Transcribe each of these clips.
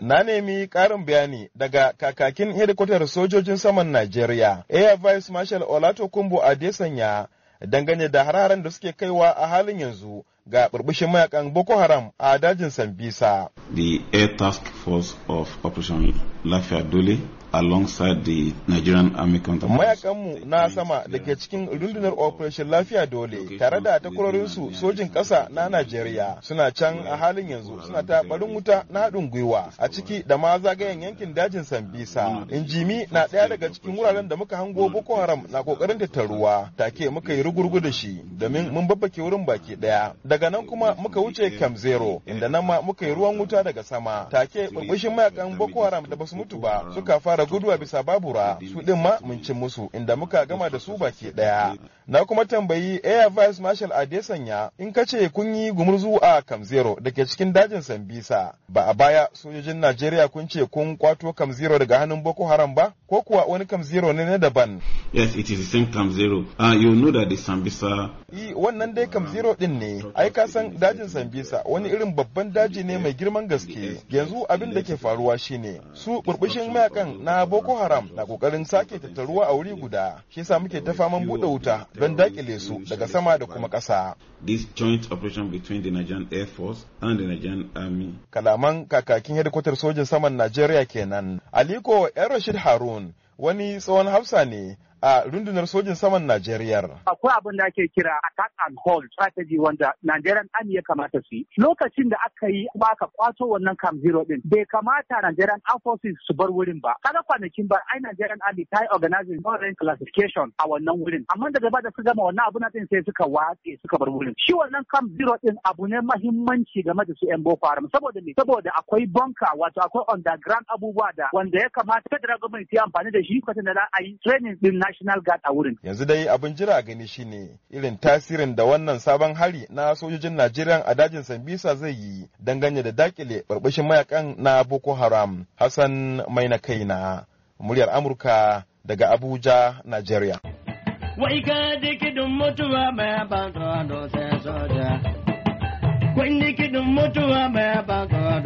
Na nemi ƙarin bayani daga kakakin hedikwatar sojojin saman Najeriya, Air Vice Marshal Olatokunbo Adesanya dangane da hararen da suke kaiwa a halin yanzu ga burbushin mayakan Boko Haram a dajin Sambisa. The Air Task Force of Operation Lafiya Dole alongside the Nigerian Army counter Mayakan Mayakanmu na sama da ke cikin rundunar Operation Lafiya Dole tare da takwarorinsu sojin ƙasa na Najeriya suna can a halin yanzu suna ta barin wuta na haɗin gwiwa a ciki da ma zagayen yankin dajin Sambisa. Injimi na ɗaya daga cikin wuraren da muka hango Boko Haram na ƙoƙarin tattaruwa take muka yi rugurgu da shi domin mun babbake wurin baki ɗaya. daga nan kuma muka wuce zero inda nan ma muka yi ruwan wuta daga sama take burbushin mayakan boko haram da basu mutu ba suka fara guduwa bisa babura su din ma mun cin musu inda muka gama da su baki daya na kuma tambayi air vice marshal adesanya in ka ce kun yi gumurzu a kamzero da ke cikin dajin sambisa ba a baya sojojin najeriya kun ce kun kwato zero daga hannun boko haram ba ko kuwa wani zero ne na daban yes it is the same zero uh, you know that the sambisa wannan dai zero din ne ai ka san dajin sambisa wani irin babban daji ne mai girman gaske yanzu abin da ke faruwa shine su burbushin mayakan na boko haram na kokarin sake tattaruwa a wuri guda shi yasa muke ta faman bude wuta don dakile su daga sama da kuma ƙasa this joint operation between the Nigerian Air Force and the Nigerian Army kalaman kakakin hedikwatar sojin saman Najeriya kenan Aliko Yan Rashid Harun wani tsohon hafsa ne a rundunar sojin saman Najeriya. Akwai abin da ake kira attack and hold strategy wanda Nigerian Army ya kamata su yi. Lokacin da aka yi kuma aka kwato wannan Camp Zero din bai kamata Nigerian Air Forces su bar wurin ba. Kada kwanakin ba ai Nigerian Army ta yi organizing foreign classification a wannan wurin. Amma daga ba da su gama wannan na din sai suka watse suka bar wurin. Shi wannan Camp Zero din abu ne mahimmanci game da su 'yan Boko Haram saboda me? Saboda akwai bunker wato akwai underground abubuwa da wanda ya kamata federal government ya amfani da shi kwatanta da za yi training din national guard a wurin yanzu dai abin jira gani shine irin tasirin da wannan sabon hari na sojojin najeriya a dajin sambisa zai yi dangane da dakile barbashin mayakan na boko haram hassan mai na kaina muryar amurka daga abuja najeriya wai ka dikidin mutuwa mai ban tsoro sai soja kwai dikidin mutuwa mai ban tsoro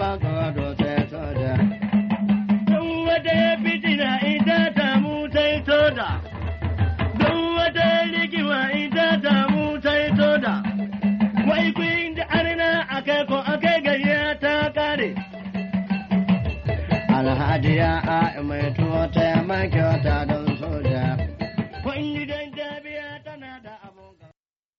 Akeko ko ake gayya ta ala alhaji a mai tuwo